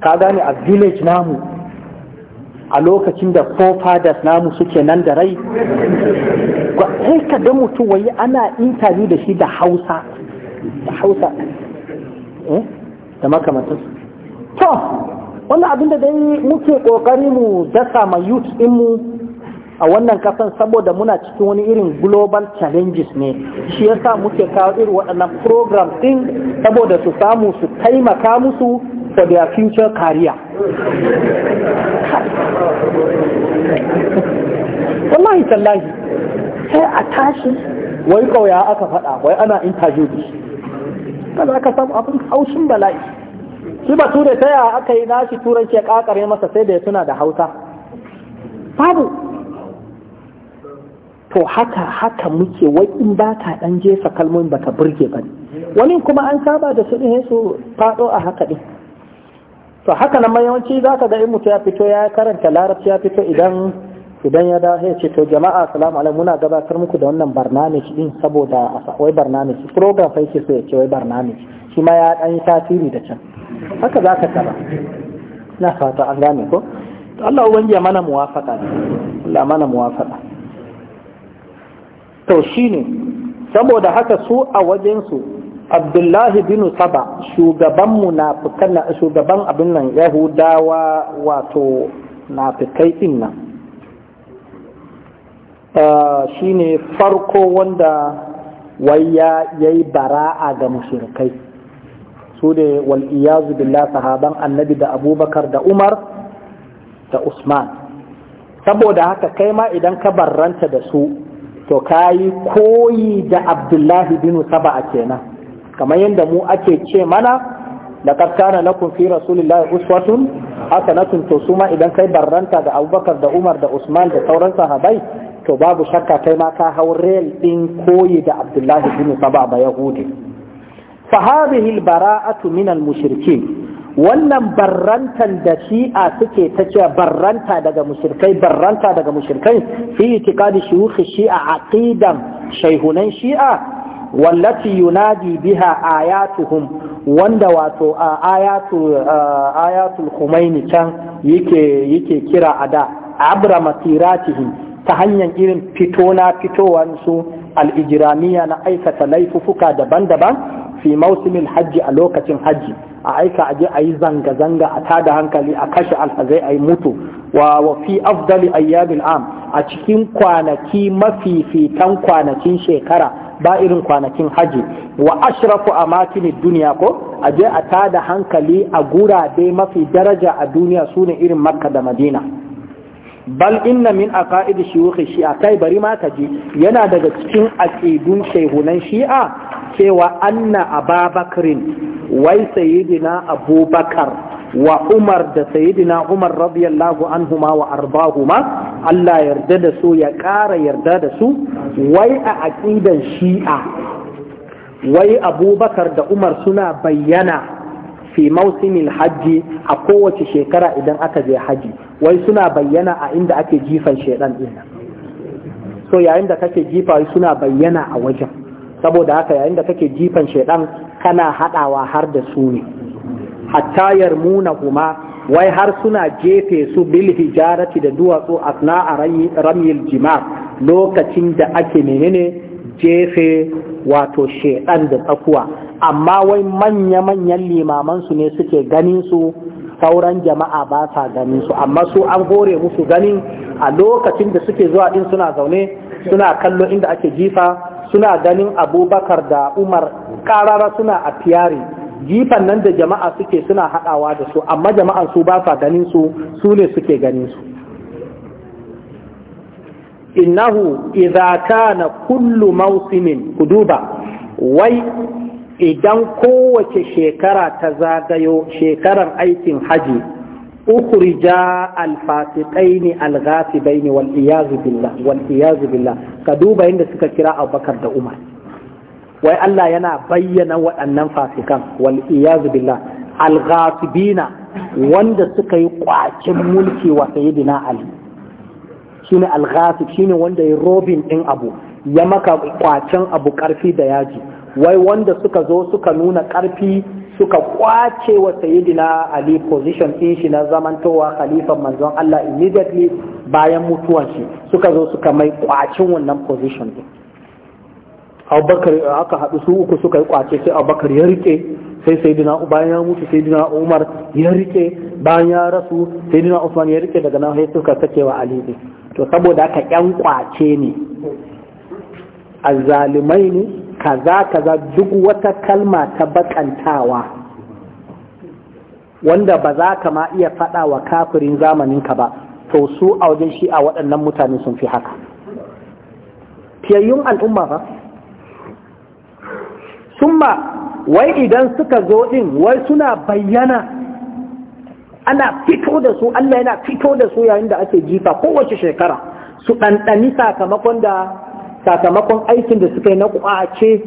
ka gane a village namu a lokacin da forefathers namu suke nan da rai sai ka ga mutum wai ana interview da shi da hausa da hausa hmm? da makamata to wannan abinda dai muke kokari mu dasa ma youth mu a wannan kasan saboda muna cikin wani irin global challenges ne shi yasa muke kawo irin waɗannan program ɗin saboda su samu su taimaka musu for their future career wallahi tallahi sai a tashi wai ƙauya aka faɗa wai ana interview da shi kaza ka samu abin haushin bala'i shi ba ture ta yaya aka yi nashi turanci ya kakare masa sai da ya suna da hausa babu to haka haka muke wai in ba ɗan dan jefa kalmomin ta burge ba ne, wani kuma an saba da su din su fado a haka ɗin, to haka nan yawanci zaka ga in mutu ya fito ya karanta larabci ya fito idan idan ya da ya ce to jama'a salamu alaikum muna gabatar muku da wannan barnamiji din saboda wai barnamiji program fa yake so ya ce wai barnamiji shi ma ya dan yi tasiri da can haka za ka taba na fata an gane ko Allah ubangiya mana muwafaka Allah mana muwafaka to shi ne, saboda haka su a wajensu abdullahi bin saba shugaban munafikan na shugaban abin nan yahudawa wato nafikai din nan ah, ne farko wanda waya yayi bara'a ga mushrikai su da wal iyazu billah sahaban annabi da abubakar da umar da usman saboda haka kai ma idan ka barranta da su to kayi koyi da abdullahi bin saba kenan kamar yadda mu ake ce mana da kana lakum fi rasulillahi uswatun hasanatun to suma idan kai barranta da Abubakar da Umar da Usman da sauran sahabai to babu shakka kai ma ka hau rel din koyi da Abdullahi bin Saba ba Yahudi fa hadhihi al-bara'atu min al-mushrikin wannan barrantar da shi'a suke ta cewa barranta daga mushirkai barranta daga mushirkai fi itiqadi shuyukh shi'a aqidan shaihunan shi'a wallati yunadi biha ayatuhum wanda wato ayatu ayatul khumaini can yake yake kira ada abra masiratihim ta hanyar irin fito na fitowansu al'ijiramiya na aikata laifufuka daban-daban fi mausimin hajji a lokacin hajji a aika aje a yi zanga-zanga a tada hankali a kashe alhazai a yi mutu wa fi afdali ayyamin am a cikin kwanaki mafi fitan kwanakin shekara ba irin kwanakin hajji. wa ashrafu makinin duniya ko a je a tada hankali a gurabe mafi daraja a duniya su ne irin makka da madina bal inna min aqaid shuyukh shi'a kai bari ma ka je. yana daga cikin aqidun shaihunan shi'a cewa anna ababakrin wai sayyidina abubakar wa umar da sayyidina umar radiyallahu anhuma wa arbahuma Allah yarda da su ya ƙara yarda da su wai a aqidan shi'a wai abubakar da umar suna bayyana fi mausimin hajji a kowace shekara idan aka je haji wai suna bayyana a inda ake jifan shaidan din so yayin da kake jifa suna bayyana a wajen saboda haka yayin da kake jifan shaidan kana hadawa har da su ne hatta yarmuna kuma wai har suna jefe su bil hijarati da duwatsu asna a ramil jimar lokacin da ake menene jefe wato shedan da tsakuwa amma wai manya-manyan limamansu ne suke ganin su sauran jama'a ba sa ganin su amma su an hore musu ganin a lokacin da suke zuwa din suna zaune suna kallo inda ake jifa suna ganin abubakar da umar karara suna a fiyari jifan nan da jama'a suke suna haɗawa da su amma jama'an su ba sa ganin su su ne suke ganin su innahu idza kana kullu mawsimin kuduba wai idan kowace shekara ta zagayo shekarar aikin haji ukhrija al alghasibaini wal iyazu billah wal billah ka duba inda suka kira Abubakar da Umar wai Allah yana bayyana waɗannan fasikan wal iyazu billah alghasibina wanda suka yi kwacin mulki wa sayyidina Ali shine alghasib shine wanda ya robin ɗin abu ya maka kwacin abu ƙarfi da yaji wai wanda suka zo suka nuna ƙarfi suka kwace wa sayidina ali position ɗin shi na zamantowa khalifan manzon Allah immediately bayan mutuwan shi suka zo suka mai kwacin wannan position ɗin abubakar aka haɗu su uku suka yi kwace sai abubakar ya rike sai sayidina bayan ya mutu sayidina umar ya rike bayan ya rasu sayidina usman ya rike daga nan sai suka sake wa ali to saboda haka yan kwace ne azzalimai ne kaza kaza duk wata kalma ta bakantawa wanda ba za ka ma iya faɗa wa kafirin zamaninka ba to su a wajen shi a waɗannan mutane sun fi haka fiyayyun al'umma fa summa wai idan suka zo ɗin wai suna bayyana ana fito da su Allah yana fito da su yayin da ake jifa kowace shekara su ɗanɗani sakamakon da sakamakon aikin da suka yi na kwace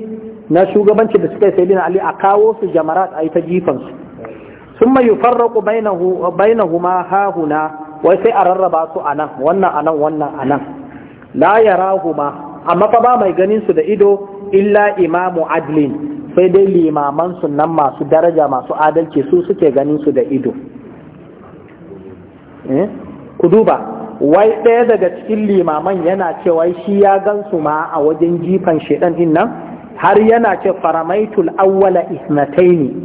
na shugabanci da suka yi sai ali a kawo su jamarat a yi ta jifansu sun mai ku bainahu huma hahuna wai sai a rarraba su a nan wannan a nan wannan a nan la yarahuma amma fa ba mai ganin su da ido illa imamu adlin sai dai limaman su nan masu daraja masu adalci su suke ganin su da ido eh? ku duba wai ɗaya daga cikin limaman yana cewa shi ya gansu ma a wajen jifan shiɗan din nan har yana ce faramaitul awwala isnataini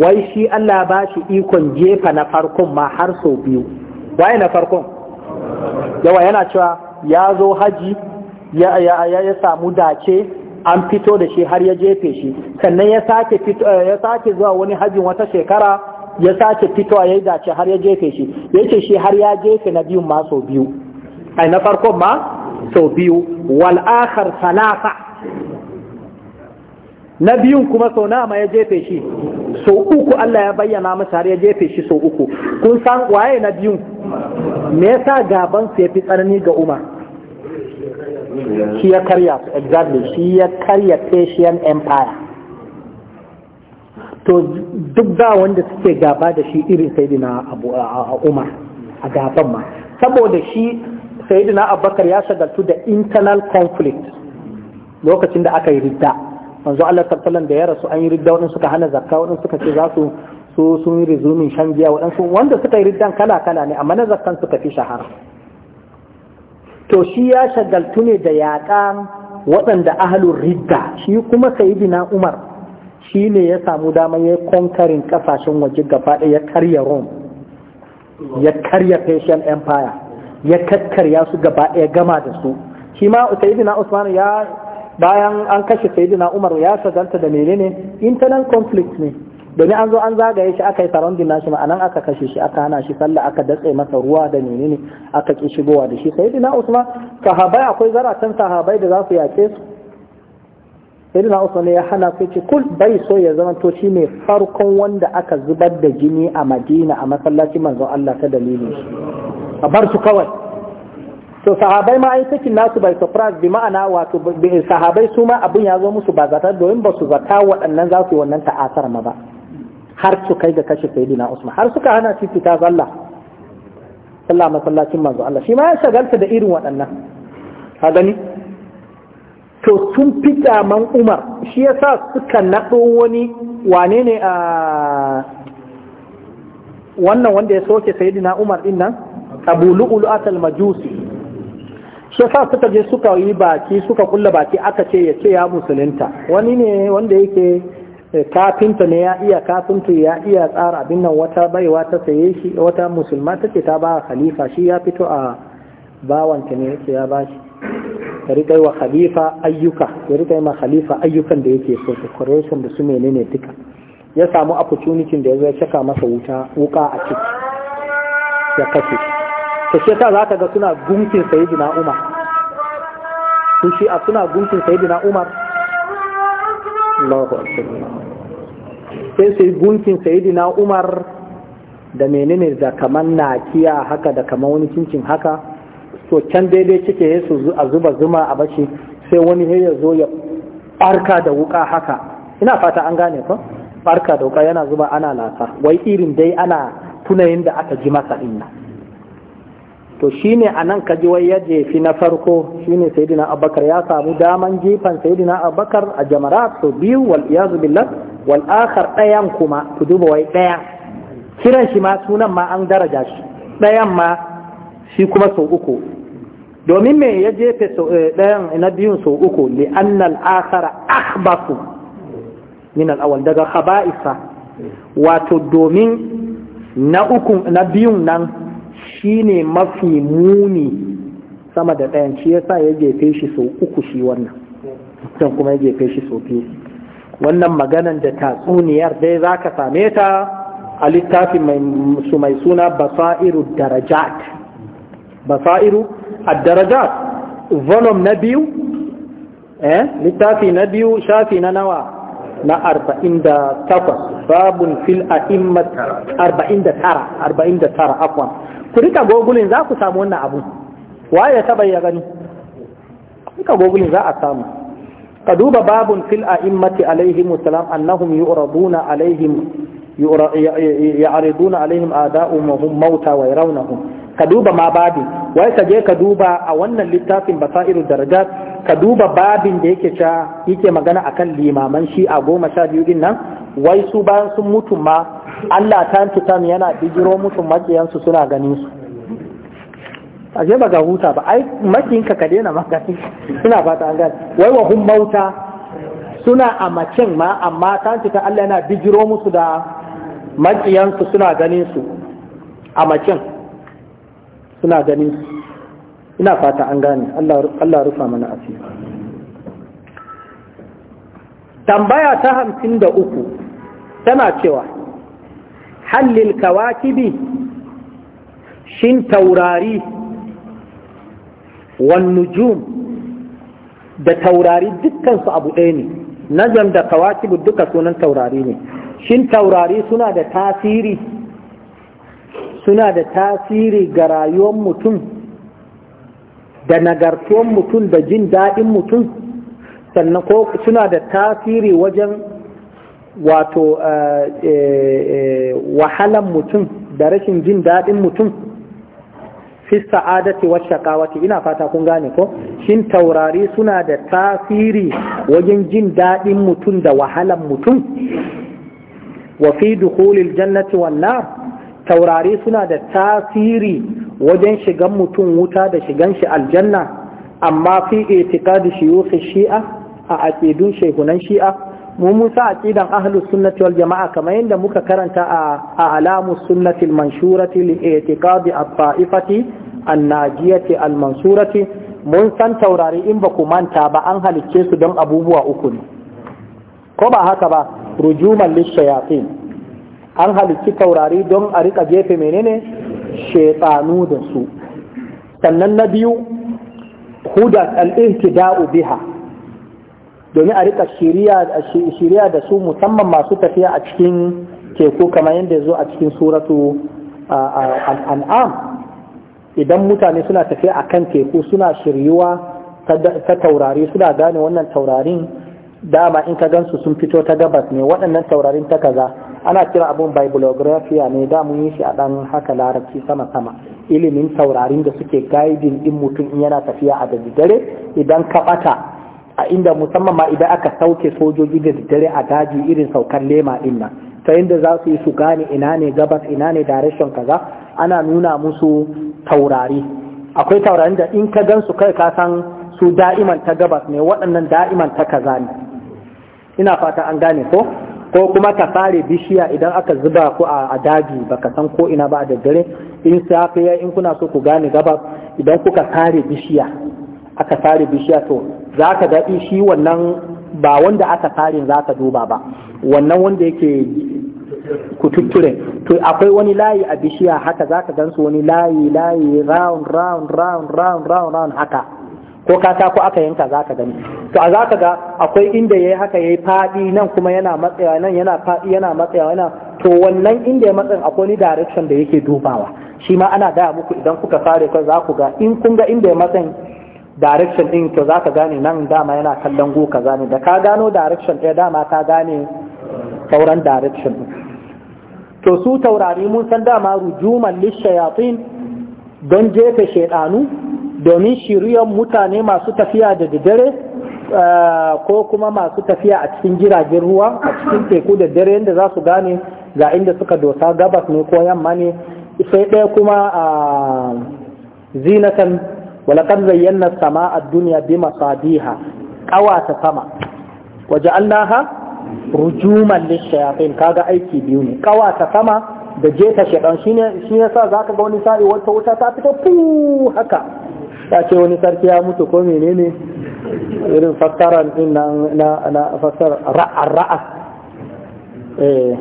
wai shi Allah ba shi ikon jefa na farkon ma har sau biyu waye na farkon yawa yana cewa ya zo haji ya ya ya samu dace an fito da shi har ya jefe shi sannan ya sake ya sake zuwa wani hajin wata shekara ya sace fitowa ya yi dace har ya jefe shi ya ce shi har ya jefe na biyun ma sau biyu ai na farkon ma sau biyu wal akhar salasa na biyun kuma sau na ma ya jefe shi sau uku Allah ya bayyana masa har ya jefe shi sau uku kun san waye na biyun me yasa gaban su ya fi tsanani ga Umar shi ya karya exactly shi ya karya Persian empire to duk ba wanda suke gaba da shi irin sayidina abu a umar a gaban ma saboda shi sayidina abubakar ya shagaltu da internal conflict lokacin da aka yi ridda manzo Allah sallallahu da ya rasu an yi ridda wadanda suka hana zakka wadanda suka ce za su so sun yi rizumin shan wadanda wanda suka yi riddan kala kala ne amma na zakkan suka fi shahara to shi ya shagaltu ne da yaƙa waɗanda ahalun ridda shi kuma sayidina umar shi ne ya samu damar ya konkarin kasashen waje gaba ɗaya ya karya rome ya karya persian empire ya kakkarya su gaba ɗaya gama da su shi ma sayyidina usman ya bayan an kashe sayyidina umar ya sadanta da menene internal conflict ne domin an zo an zagaye shi aka yi surrounding nashi ma'anan aka kashe shi aka hana shi sallah aka datse masa ruwa da menene aka ki shigowa da shi sayyidina usman sahabai akwai zaratan sahabai da za su yake su sayyidina Usman ya hana ku ce kul bai so ya zama to shi ne farkon wanda aka zubar da jini a Madina a masallacin manzon Allah ta dalilin shi a bar su kawai to sahabai ma ai sakin nasu bai surprise bi ma'ana wato sahabai su ma abun ya zo musu ba zata domin ba su zata waɗannan za su yi wannan ta'asar ma ba har su kai ga kashe sayyidina Usman har suka hana shi fita zalla. sallah masallacin manzon Allah shi ma ya shagalta da irin waɗannan ka gani to sun fi kyaman umar shi ya sa suka naɗo wani wane ne a wannan wanda ya soke sayidina umar din nan abu lu'ulu asal majusi shi sa suka je suka yi baki suka kulla baki aka ce ya ce ya musulunta wani ne wanda yake eh, kafinta ne ya iya kafinta ya iya tsara abin nan wata baiwa ta saye shi wata musulma ta ce ta ba khalifa shi ya fito a bawanta ne yake ya ba shi ka riƙa wa khalifa ayyuka ya riƙa ma khalifa ayyukan da yake so decoration da su menene duka ya samu opportunity da ya zo ya cika masa wuta wuka a ciki ya kace to sai ta zaka ga suna gunkin sayyidina Umar to shi a suna gunkin sayyidina Umar Allahu akbar sai sai gunkin sayyidina Umar da menene da kaman nakiya haka da kaman wani cincin haka to can daidai cike yesu a zuba zuma a bashi sai wani ya zo ya barka da wuka haka ina fata an gane ko barka da wuka yana zuba ana lasa wai irin dai ana tunayin da aka ji masa inna to shine anan kaji wai ya jefi na farko shine sayyidina abubakar ya samu daman jifan sayyidina abubakar a Jamara to biyu wal iyazu billah wal akhar dayan kuma To duba wai daya kiran shi ma sunan ma an daraja shi dayan ma shi kuma sau uku domin me ya jefe eh, ɗayan eh, na biyun sau uku li annal akhara akhbasu min al-awwal daga khaba'isa wato domin na uku na biyun nan shine mafi muni sama da ɗayan shi yasa ya jefe shi sau uku shi wannan kuma ya jefe shi sau biyu wannan maganan da tatsuniyar dai za ka same ta a littafin su mai suna basairu darajat basairu A daraja volume na biyu littafi na biyu shafi na nawa na 48 babun fil a'immat 49 49 afwan ku rika gogulin za ku samu wannan abu waye ta ya gani rika gogulin za a samu ka duba babun fil a'immati alaihim salam annahum yu'raduna alaihim يعرضون عليهم آداؤهم وهم موتى ويرونهم ka duba ma babin wai ka je ka duba a wannan littafin basairu darajat ka duba babin da yake cha yake magana akan limaman shi a goma sha biyu din nan wai su bayan sun mutu ma Allah ta tutam yana bijiro makiyan su suna ganin su a je ba ga huta ba ai makin ka daina magani suna fata an gani wai wa hun mauta suna a macin ma amma ta tuta Allah yana bijiro musu da su suna ganin su a macin suna ganin ina fata an gane Allah rufa mana a tambaya ta hamsin da uku tana cewa hallil kawakibi shin taurari wan nujum da taurari dukkansu abu ɗaya ne najam da kawakibu duka sunan taurari ne shin taurari suna da tasiri suna da tasiri ga rayuwar mutum da nagartuwar mutum da jin daɗin mutum sannan ko suna da tasiri wajen wato eh, eh, eh, wahalan mutum da rashin jin daɗin mutum fi sa'adati wa shakawati ina fata kun gane ko shin taurari suna da tasiri wajen jin daɗin mutum da wahalan mutum wa fi dukhulil jannati wan nar taurari suna da tasiri wajen shigan mutum wuta da shigan shi aljanna amma fi itikadi shi shi'a a aƙidun shehunan shi'a mu musa aqidan ahlus sunnati wal jama'a kamar yadda muka karanta a alamus sunnati al manshurati li itiqadi at-ta'ifati an-najiyati al-mansurati mun san taurari in ba ku manta ba an halicce su don abubuwa uku ne ko ba haka ba rujuman lishayatin an halicci taurari don a rika jefe menene shaitanu da su sannan na biyu huda al-ihtida'u biha domin a rika shirya da su musamman masu tafiya a cikin teku kamar yadda zo a cikin suratu al'am idan mutane suna tafiya a kan teku suna shiryuwa ta taurari suna gane wannan taurarin dama in ka gansu sun fito ta gabas ne waɗannan taurarin ta kaza ana kira abun bibliographiya ne da mun yi shi a dan haka larabci sama sama ilimin taurarin da suke gaidin din mutum in yana tafiya a da dare idan ka bata a inda musamman ma idan aka sauke sojoji da dare a daji irin saukar lema din nan ta inda za su yi su gane ina ne gabas ina ne direction kaza ana nuna musu taurari akwai taurarin da in ka gan kai ka san su da'iman ta gabas ne waɗannan da'iman ta kaza ne ina fata an gane ko ko kuma ka fare bishiya idan aka zuba ku a daji baka san ko ina ba da dare in safiya in kuna so ku gane gaba? idan kuka fare bishiya aka fare bishiya to za ka daɗi shi wannan ba wanda aka fare za ka duba ba wannan wanda yake kututture to akwai wani layi a bishiya haka za ka gansu wani layi layi round round round round round haka ko katako aka yanka za ka gani to a za ka ga akwai inda ya yi haka ya yi faɗi nan kuma yana matsayawa nan yana faɗi yana matsayawa yana to wannan inda ya matsayin akwai ni direction da yake dubawa shi ma ana gaya muku idan kuka fare kai za ku ga in kun ga inda ya matsayin direction din to za ka gane nan dama yana kallon go ka gane, da ka gano direction ɗaya dama ka gane sauran direction to su taurari mun san dama rujuman lishayatin don jefe shaidanu domin shiriyar mutane masu tafiya da dare eh, ko kuma masu tafiya a cikin jiragen ruwa a cikin teku da dare yadda za su gane ga inda suka dosa gabas ne ko yamma ne sai ɗaya kuma a eh, zinatan walakar zayyana sama a duniya bi masadiha ƙawata sama waje allaha rujuman lishayafin kaga aiki biyu ne ƙawata sama da jeta shekaru shi ne sa za ka ga wani sa'i wata wuta ta fito fu haka ta ce wani sarki ya mutu ko menene irin fassarar na ra'a eh,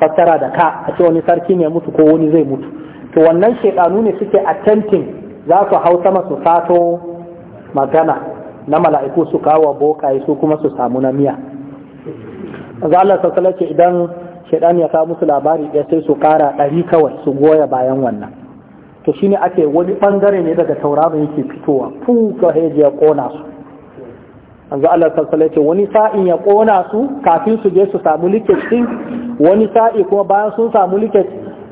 fassara da ka a ce wani sarki ne mutu ko wani zai mutu to wannan shekanu ne suke attempting za su hau sama su sato magana na mala'iku su kawo bokaye su kuma su samu na miya za Allah sassala idan shaidan ya kawo musu labari ɗaya sai su ƙara ɗari kawai su goya bayan wannan to ne ake wani bangare ne daga tauraro yake fitowa fuka heji ya kona su yanzu Allah sallallahu ce wani sa'in ya kona su kafin su je su samu leakage din wani sa'i kuma bayan sun samu leakage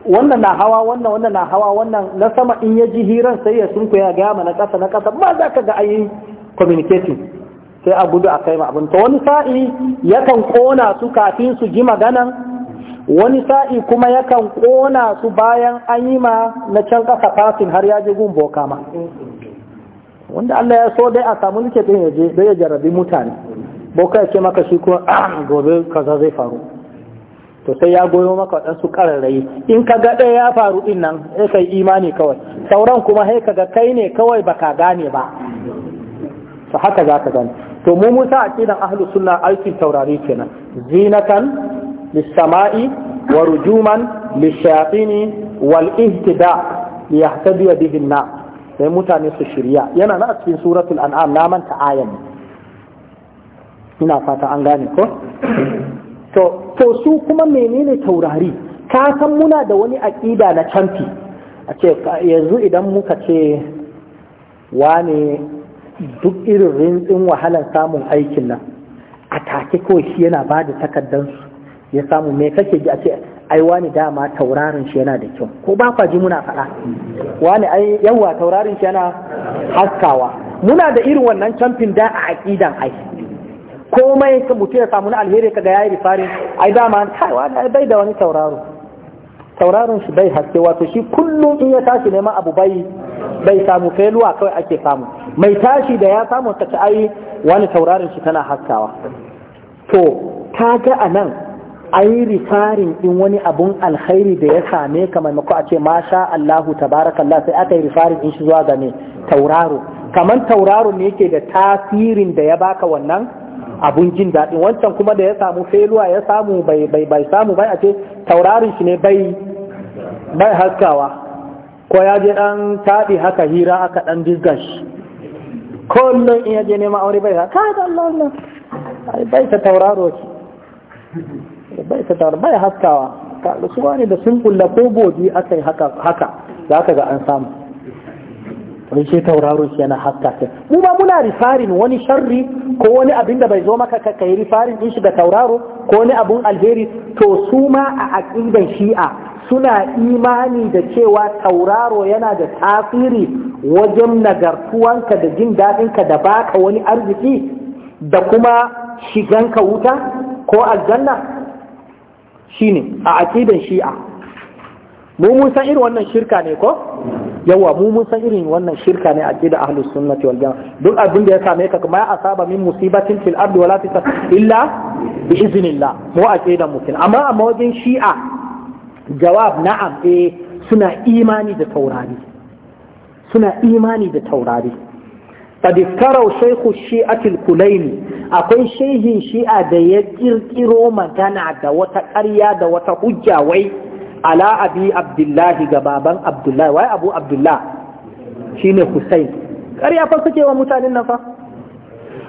wannan na hawa wannan wannan na hawa wannan na sama in ya ji hiran sai ya sunku ya gama na kasa na kasa ba za ka ga ayi communicating sai a gudu a kai ma abin to wani sa'i yakan kona su kafin su ji maganan wani sa'i kuma yakan ƙona su bayan an yi ma na can ƙasa fasin har ya je gun boka ma wanda Allah ya so dai a samu nike ɗin ya je dai ya jarabi mutane boka ya ce maka shi kuma gobe kaza zai faru to sai ya goyo maka waɗansu ƙararrayi in ka ga ɗaya ya faru ɗin nan sai kai imani kawai sauran kuma sai ka ga kai ne kawai ba ka gane ba to haka za ka gane to mu musa a ahlus sunna aikin taurari kenan zinatan للسماء ورجوما للشياطين والاهتداء ليهتدي به الناس sai mutane su shirya yana na cikin suratul an'am na manta ayan ina fata an gane ko to su kuma menene taurari ka san muna da wani aƙida na canfi a ce yanzu idan muka ce wane duk irin rintsin wahalar samun aikin nan a take kawai shi yana ba da takardansu ya samu me kake ji a ce ai wani dama taurarin shi yana da kyau ko ba kwa ji muna faɗa wani ai yawa taurarin shi yana haskawa muna da irin wannan camfin da a aƙidan ai komai ka mutu ya samu na alheri kaga yayi rifarin ai dama kai wani ai bai da wani tauraro tauraron shi bai haske wato shi kullum in ya tashi neman abu bai bai samu feluwa kawai ake samu mai tashi da ya samu ta ai wani tauraron shi tana haskawa to kaga anan ai rifarin din wani abun alkhairi da ya same ka maimako a ce masha Allahu tabarakallah sai aka yi rifarin din shi zuwa ga me tauraro kaman tauraro ne yake da tasirin da ya baka wannan abun jin daɗin wancan kuma da ya samu feluwa ya samu bai bai bai samu bai a ce tauraron shi ne bai bai haskawa ko ya je dan taɗi haka hira aka dan dizgash shi in ya je neman aure bai ka Allah Allah bai ta tauraro ki bai bai haskawa da su ne da sun kulla ko bodi aka yi haka za ka ga an samu wai shi tauraro shi yana haska ta mu ba muna rifarin wani sharri ko wani abin da bai zo maka ka kai rifarin din shi da tauraro ko wani abun alheri to su ma a aqidan shi'a suna imani da cewa tauraro yana da tasiri wajen nagartuwanka da jin daɗinka da baka wani arziki da kuma shiganka wuta ko aljanna shine a aƙidan shi'a mu mun san irin wannan shirka ne ko yawa mu mun san irin wannan shirka ne a aqida ahlus sunnati wal jamaa duk abin da ya same ka kuma ya asaba min musibatin fil ardi wala fi illa bi iznillah mu aqidan mutum amma amma wajen shi'a jawab na'am eh suna imani da taurari suna imani da taurari قد كروا شيخ الشيعة الكليني أقول شيخ الشيعة دا يكرر da دا وتقريا دا وتحجة وي على أبي عبد الله جبابا عبد الله وي أبو عبد الله شين حسين قريا فسكي ومتانين نفا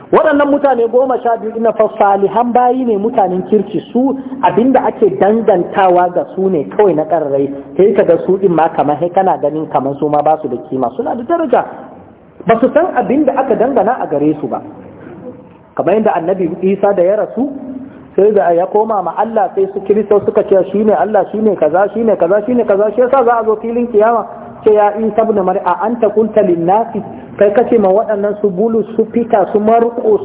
waɗannan mutane goma sha biyu na salihan bayi ne mutanen kirki su abinda ake dangantawa ga su ne kawai na ƙarrai sai ka ga su ɗin kaman kamar sai kana ganin kamar su ma ba su da kima suna da daraja ba su san abin da aka dangana a gare su ba kamar yadda annabi isa da ya rasu sai da ya koma ma Allah sai su kirista suka ce shi ne Allah shi ne kaza shi ne kaza shi ne kaza shi yasa za a zo filin kiyama ce ya isa ibn mar'a anta qulta lin nasi kai kace ma waɗannan su bulu su fita su marqus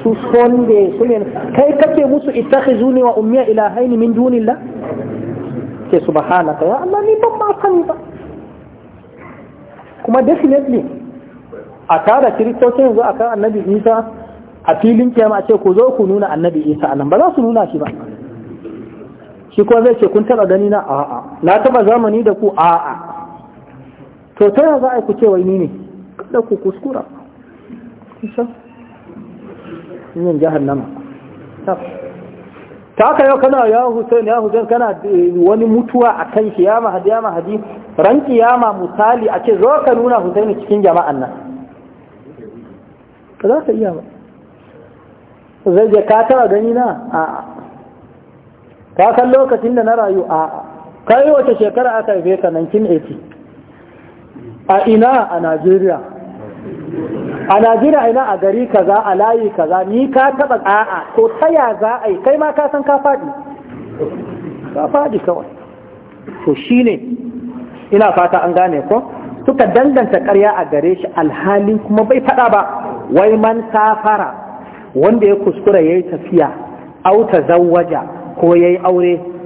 su sonde su ne kai kace musu ittakhizuni wa ummiya ilahaini min dunillah ce subhanaka ya Allah ni ban ma sani ba kuma definitely a kada kiristocin yanzu a kan annabi isa a filin kiyama ce ku zo ku nuna annabi isa a nan ba za su nuna shi ba shi kuma zai ce kun taba gani na a'a na taba zamani da ku a'a to ta yaya za a yi ku ce wai ni ne kada ku kuskura isa yin nama. ta haka yau kana ya Hussein ya Hussein kana eh, wani mutuwa a kan shi ya mahadi ya mahadi ran kiyama misali a ce zo ka nuna Hussein cikin jama'an nan ba za ka iya ba zai je ka taba gani na a ka san lokacin da na rayu a kai wace shekara aka haife ka 1980 a ina a Najeriya a Najeriya ina a gari kaza a layi kaza ni ka taba a'a ko taya za a yi kai ma ka san ka faɗi ka faɗi kawai to shine ina fata an gane ko suka danganta ƙarya a gare shi alhali kuma bai faɗa ba wai man safara wanda ya kuskura ya yi tafiya auta zawwaja, zawaja ko ya yi aure